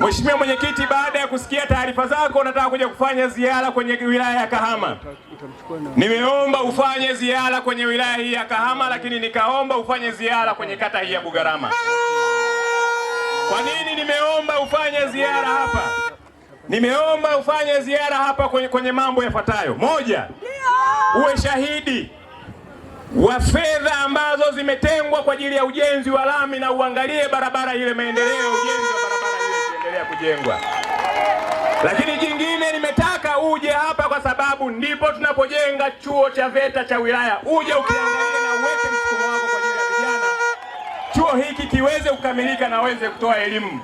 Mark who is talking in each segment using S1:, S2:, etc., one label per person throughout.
S1: Mheshimiwa Mwenyekiti, baada ya kusikia taarifa zako, nataka kuja kufanya ziara kwenye wilaya ya Kahama. Nimeomba ufanye ziara kwenye wilaya hii ya Kahama, lakini nikaomba ufanye ziara kwenye kata hii ya Bugarama. Kwa nini nimeomba ufanye ziara hapa? Nimeomba ufanye ziara hapa kwenye, kwenye mambo yafuatayo: moja, uwe shahidi wa fedha ambazo zimetengwa kwa ajili ya ujenzi wa lami na uangalie barabara ile maendeleo, ujenzi wa barabara ile ikiendelea kujengwa. Lakini jingine nimetaka uje hapa, kwa sababu ndipo tunapojenga chuo cha VETA cha wilaya, uje ukiangalia na uweke msukumo wako kwa ajili ya vijana, chuo hiki kiweze kukamilika na aweze kutoa elimu.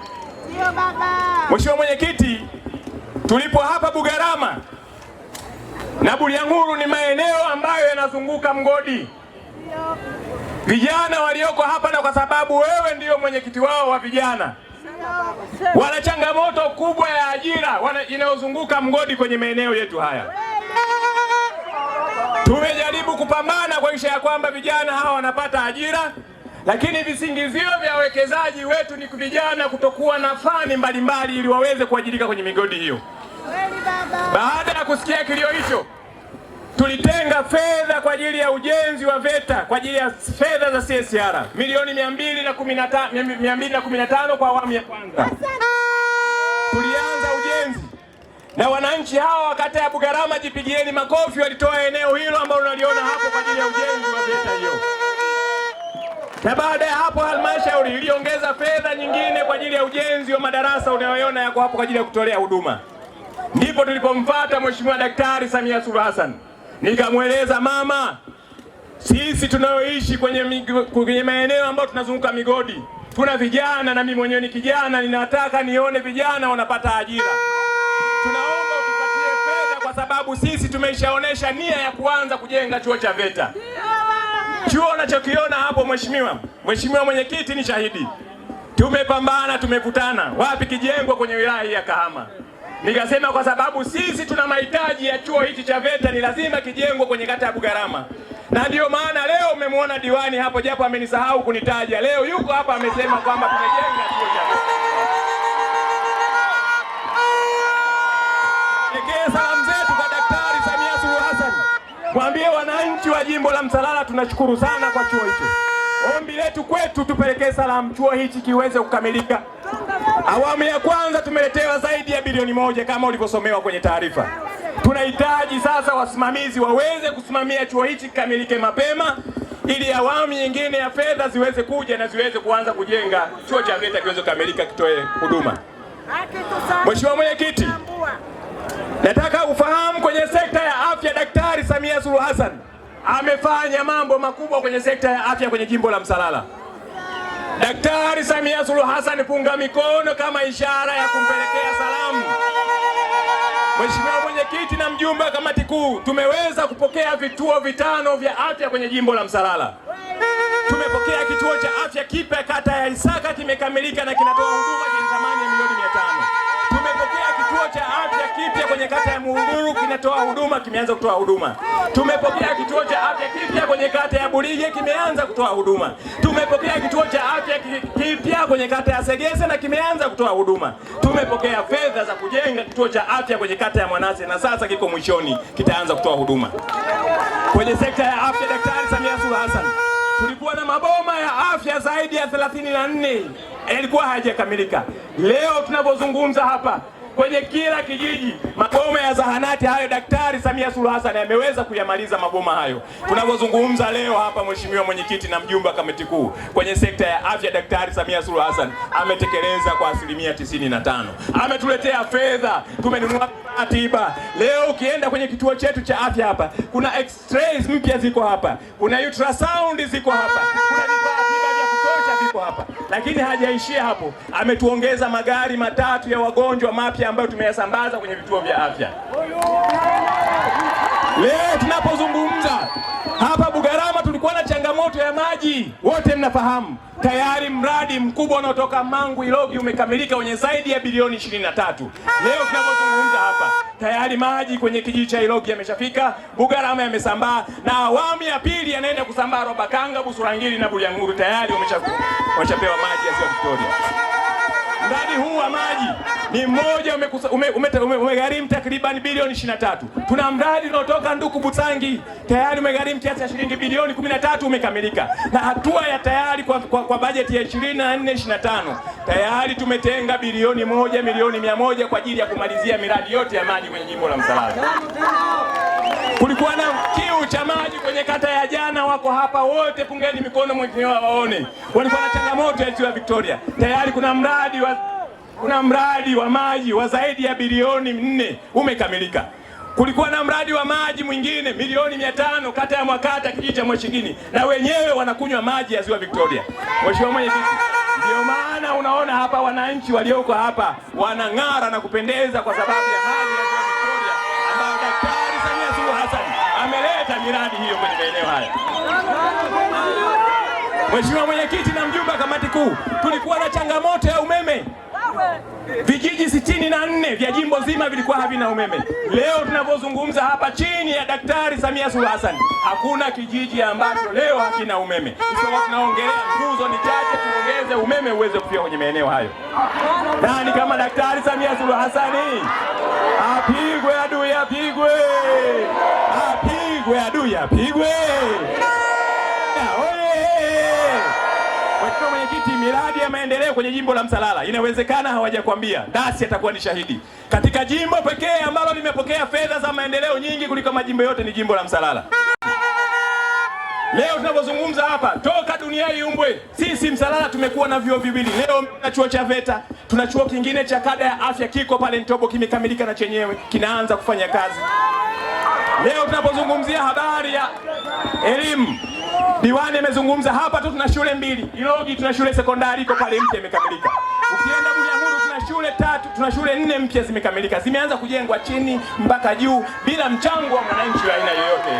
S2: Ndio baba.
S1: Mheshimiwa Mwenyekiti, tulipo hapa Bugarama na Bulyanhulu ni maeneo ambayo yanazunguka mgodi. Vijana walioko hapa, na kwa sababu wewe ndiyo mwenyekiti wao wa vijana, wana changamoto kubwa ya ajira inayozunguka mgodi kwenye maeneo yetu haya. Tumejaribu kupambana kuhakikisha ya kwamba vijana hawa wanapata ajira, lakini visingizio vya wawekezaji wetu ni vijana kutokuwa na fani mbalimbali ili waweze kuajirika kwenye migodi hiyo. Baada ya kusikia kilio hicho, tulitenga fedha kwa ajili ya ujenzi wa VETA kwa ajili ya fedha za CSR milioni 215 kwa awamu ya kwanza. Tulianza ujenzi na wananchi hawa wakata ya Bugarama, jipigieni makofi, walitoa eneo hilo ambalo unaliona hapo kwa ajili ya ujenzi wa VETA hiyo. Na baada ya hapo halmashauri iliongeza fedha nyingine kwa ajili ya ujenzi wa madarasa unayoona yako hapo kwa ajili ya kutolea huduma. Ndipo tulipompata Mheshimiwa Daktari Samia Suluhu Hassan, nikamweleza mama, sisi tunayoishi kwenye, kwenye maeneo ambayo tunazunguka migodi tuna vijana, na mimi mwenyewe ni kijana, ninataka nione vijana wanapata ajira. Tunaomba utupatie fedha, kwa sababu sisi tumeshaonesha nia ya kuanza kujenga chuo cha VETA. Chuo unachokiona hapo mheshimiwa, mheshimiwa mwenyekiti ni shahidi, tumepambana, tumekutana wapi kijengwa kwenye wilaya hii ya Kahama. Nikasema kwa sababu sisi tuna mahitaji ya chuo hichi cha VETA ni lazima kijengwe kwenye kata ya Bugarama, na ndiyo maana leo mmemwona diwani hapo, japo amenisahau kunitaja leo, yuko hapa, amesema kwamba tumejenga chuo cha zetu Daktari mwambie wananchi wa jimbo la Msalala tunashukuru sana kwa chuo hicho. Ombi letu kwetu, tupelekee salamu, chuo hichi kiweze kukamilika. Awamu ya kwanza tumeletewa zaidi ya bilioni moja kama ulivyosomewa kwenye taarifa. Tunahitaji sasa wasimamizi waweze kusimamia chuo hichi kikamilike mapema ili awamu nyingine ya fedha ziweze kuja na ziweze kuanza kujenga chuo cha VETA kiweze kukamilika kitoe huduma. Mheshimiwa Mwenyekiti, nataka ufahamu kwenye sekta ya afya, Daktari Samia Suluhu Hassan amefanya mambo makubwa kwenye sekta ya afya kwenye jimbo la Msalala. Daktari Samia Suluhu Hassan, punga mikono kama ishara ya kumpelekea salamu. Mheshimiwa mwenyekiti na mjumbe wa kamati kuu, tumeweza kupokea vituo vitano vya afya kwenye jimbo la Msalala. Tumepokea kituo cha afya kipya kata ya Isaka, kimekamilika na kinatoa huduma zenye thamani ya milioni mia tano. Kituo cha afya kipya kwenye kata ya Muhuguru kinatoa huduma, kimeanza kutoa huduma. Tumepokea kituo cha afya kipya kwenye kata ya burige kimeanza kutoa huduma. Tumepokea kituo cha afya kipya kwenye kata ya Segese na kimeanza kutoa huduma. Tumepokea fedha za kujenga kituo cha afya kwenye kata ya Mwanase na sasa kiko mwishoni, kitaanza kutoa huduma. Kwenye sekta ya afya, Daktari Samia Suluhu Hassan tulikuwa na maboma ya afya zaidi ya 34 yalikuwa hayajakamilika. Leo tunapozungumza hapa kwenye kila kijiji. Maboma ya zahanati hayo, Daktari Samia Suluhu Hassan ameweza kuyamaliza maboma hayo. Tunavyozungumza leo hapa, Mheshimiwa Mwenyekiti na mjumbe wa kamati kuu, kwenye sekta ya afya, Daktari Samia Suluhu Hassan ametekeleza kwa asilimia 95. Ametuletea fedha, tumenunua tiba. Leo ukienda kwenye kituo chetu cha afya hapa, kuna x-rays mpya ziko hapa, kuna ultrasound ziko hapa, kuna yuko hapa, lakini hajaishia hapo. Ametuongeza magari matatu ya wagonjwa mapya ambayo tumeyasambaza kwenye vituo vya afya leo tunapo changamoto ya maji wote mnafahamu tayari mradi mkubwa unaotoka Mangu Ilogi umekamilika wenye zaidi ya bilioni 23. Leo tunapozungumza hapa tayari maji kwenye kijiji cha Ilogi yameshafika, Bugarama yamesambaa, na awamu ya pili yanaenda kusambaa Robakanga, Busurangiri na Bulyanguru, tayari wameshapewa maji ya Ziwa Victoria. Mradi huu wa maji ni mmoja umegharimu takriban bilioni 23. Tuna mradi unaotoka Nduku Busangi tayari umegharimu kiasi cha shilingi bilioni 13 umekamilika, na hatua ya tayari kwa, kwa, kwa bajeti ya 24 25 tayari tumetenga bilioni moja milioni mia moja kwa ajili ya kumalizia miradi yote ya maji kwenye jimbo la Msalala. Kulikuwa na kiu cha maji kwenye kata ya Jana, wako hapa wote, pungeni mikono mwenyewe waone. Walikuwa na changamoto ya ziwa Victoria, tayari kuna mradi wa, kuna mradi wa maji wa zaidi ya bilioni nne umekamilika. Kulikuwa na mradi wa maji mwingine milioni mia tano kata ya Mwakata kijiji cha Mwashigini, na wenyewe wanakunywa maji ya ziwa Victoria. Mheshimiwa Mwenyekiti, ndio maana unaona hapa wananchi walioko hapa wanang'ara na kupendeza kwa sababu ya maji ya jirani hiyo kwenye maeneo haya. Mheshimiwa Mwenyekiti na mjumbe wa kamati kuu, tulikuwa na changamoto ya umeme. Vijiji sitini na nne vya jimbo zima vilikuwa havina umeme. Leo tunavyozungumza hapa, chini ya Daktari Samia Suluhu Hassan, hakuna kijiji ambacho leo hakina umeme. Sasa tunaongelea nguzo ni chache, tuongeze umeme uweze kufika kwenye maeneo hayo. Nani kama Daktari Samia Suluhu Hassan? Apigwe adui, apigwe! apigwe, adui apigwe. Mheshimiwa Mwenyekiti, miradi ya maendeleo kwenye jimbo la Msalala inawezekana, hawajakwambia dasi, atakuwa ni shahidi. Katika jimbo pekee ambalo limepokea fedha za maendeleo nyingi kuliko majimbo yote ni jimbo la Msalala. Leo tunapozungumza hapa, toka dunia iumbwe, sisi Msalala tumekuwa na vyuo viwili. Leo tuna chuo cha VETA, tuna chuo kingine cha kada ya afya kiko pale Ntobo, kimekamilika na chenyewe kinaanza kufanya kazi. Leo tunapozungumzia habari ya elimu, diwani amezungumza hapa tu, tuna shule mbili Ilogi, tuna shule sekondari iko pale mpya imekamilika. Ukienda Buyahuru tuna shule tatu, tuna shule nne mpya zimekamilika, zimeanza kujengwa chini mpaka juu bila mchango wa mwananchi wa aina yoyote.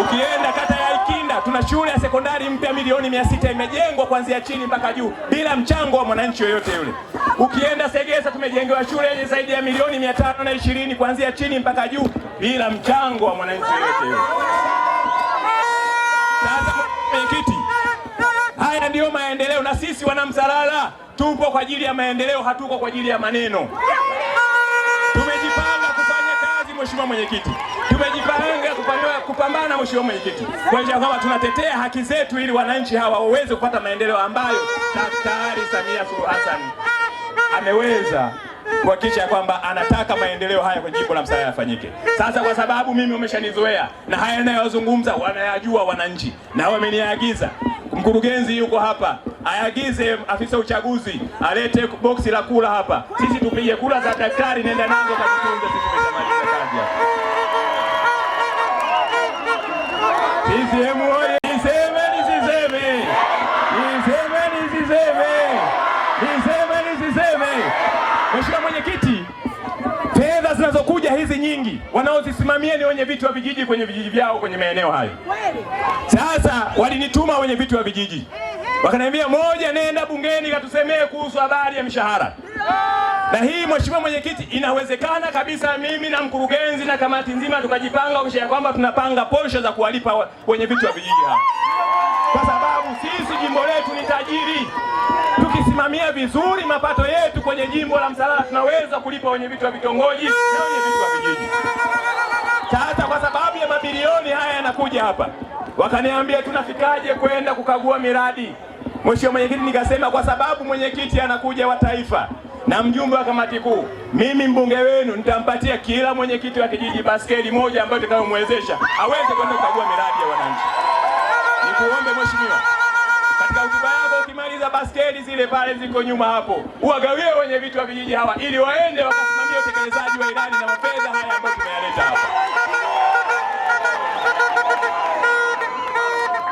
S1: Ukienda kata kwenda, tuna shule ya sekondari mpya milioni mia sita imejengwa kuanzia chini mpaka juu bila mchango wa mwananchi yoyote yule. Ukienda Segesa tumejengewa shule yenye zaidi ya milioni mia tano na ishirini kuanzia chini mpaka juu bila mchango wa mwananchi yoyote yule. mwenyekiti, haya ndiyo maendeleo, na sisi wanamsalala tupo kwa ajili ya maendeleo, hatuko kwa ajili ya maneno mheshimiwa mwenyekiti, tumejipanga kupambana, mheshimiwa mwenyekiti, kuhakikisha kwamba tunatetea haki zetu ili wananchi hawa waweze kupata maendeleo ambayo Daktari Samia Suluhu Hassan ameweza kuhakikisha kwamba anataka maendeleo haya kwa jimbo la Msalala yafanyike. Sasa kwa sababu mimi umeshanizoea na haya ninayozungumza wanayajua wananchi na wameniagiza mkurugenzi yuko hapa, ayagize afisa uchaguzi alete boksi la kura hapa, sisi tupige kura za daktari, nenda nazo kazitunze. Sisi tumeshamaliza kazi hapa. wanaozisimamia ni wenye viti wa vijiji kwenye vijiji vyao kwenye maeneo hayo. Sasa walinituma wenye viti wa vijiji wakaniambia, moja, nenda bungeni katusemee kuhusu habari ya mishahara. Na hii mheshimiwa mwenyekiti, inawezekana kabisa mimi na mkurugenzi na kamati nzima tukajipanga kisha ya kwamba tunapanga posho za kuwalipa wenye viti wa vijiji hapa, kwa sababu sisi jimbo letu ni tajiri, tukisimamia vizuri mapato kwenye jimbo la Msalala tunaweza kulipa wenye vitu vya vitongoji na wenye vitu vya vijiji. Sasa kwa sababu ya mabilioni haya yanakuja hapa, wakaniambia tunafikaje kwenda kukagua miradi. Mheshimiwa Mwenyekiti, nikasema kwa sababu mwenyekiti anakuja wa taifa na mjumbe wa kamati kuu, mimi mbunge wenu nitampatia kila mwenyekiti wa kijiji baskeli moja ambayo itakayomwezesha aweze kwenda kukagua miradi ya wananchi. Nikuombe mheshimiwa, katika hotuba yako za basketi zile pale ziko nyuma hapo, uwagawie wenye vitu wa vijiji hawa, ili waende wakasimamia utekelezaji wa ilani na mapesa haya ambayo tumeyaleta hapa.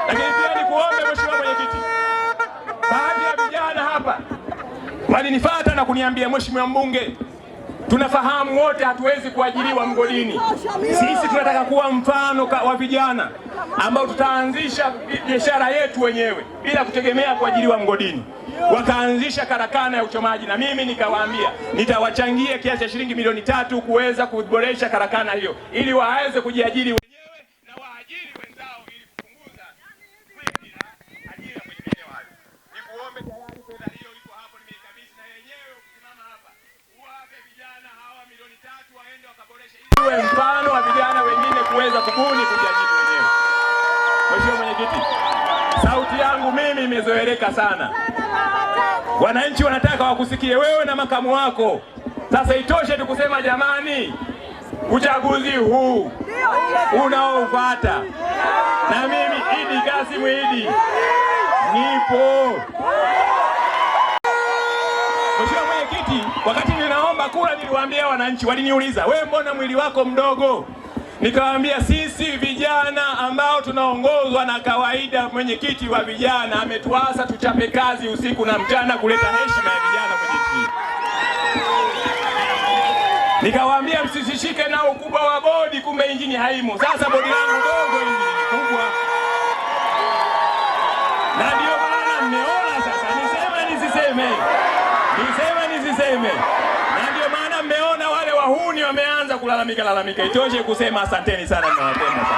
S1: Lakini pia nikuombe mheshimiwa mwenyekiti, baadhi ya vijana hapa walinifuata na kuniambia, mheshimiwa mbunge, tunafahamu wote hatuwezi kuajiriwa mgodini, sisi tunataka kuwa mfano wa vijana ambao tutaanzisha biashara yetu wenyewe bila kutegemea kuajiriwa mgodini, wakaanzisha karakana ya uchomaji, na mimi nikawaambia nitawachangia kiasi cha shilingi milioni tatu kuweza kuboresha karakana hiyo ili waweze kujiajiri wenyewe
S2: na waajiri wenzao ili kupunguza ajira kwenye maeneo hayo. Nikuombe tayari fedha hiyo iko hapo, nimeikabidhi na yenyewe hapa uwape vijana hawa milioni tatu waende wakaboreshe
S1: ili mfano wa vijana wengine kuweza kubuni kujiajiri wenyewe. Mheshimiwa Mwenyekiti Lami imezoeleka sana, wananchi wanataka wakusikie wewe na makamu wako. Sasa itoshe tu kusema jamani, uchaguzi huu unaofuata, na mimi Idi Kasimu Idi nipo. Mheshimiwa Mwenyekiti, wakati ninaomba kura niliwaambia wananchi, waliniuliza wewe, mbona mwili wako mdogo? nikawambia sisi vijana ambao tunaongozwa na kawaida, mwenyekiti wa vijana ametuasa tuchape kazi usiku na mchana kuleta heshima ya vijana kwenye nchi. Nikawaambia msisishike na ukubwa wa bodi, kumbe injini haimo. Sasa bodi langu dogo, injini kubwa, na ndio maana mmeona sasa. Niseme nisiseme, niseme nisiseme wahuni wameanza kulalamika lalamika. Itoshe kusema asanteni sana, nawapenda sana.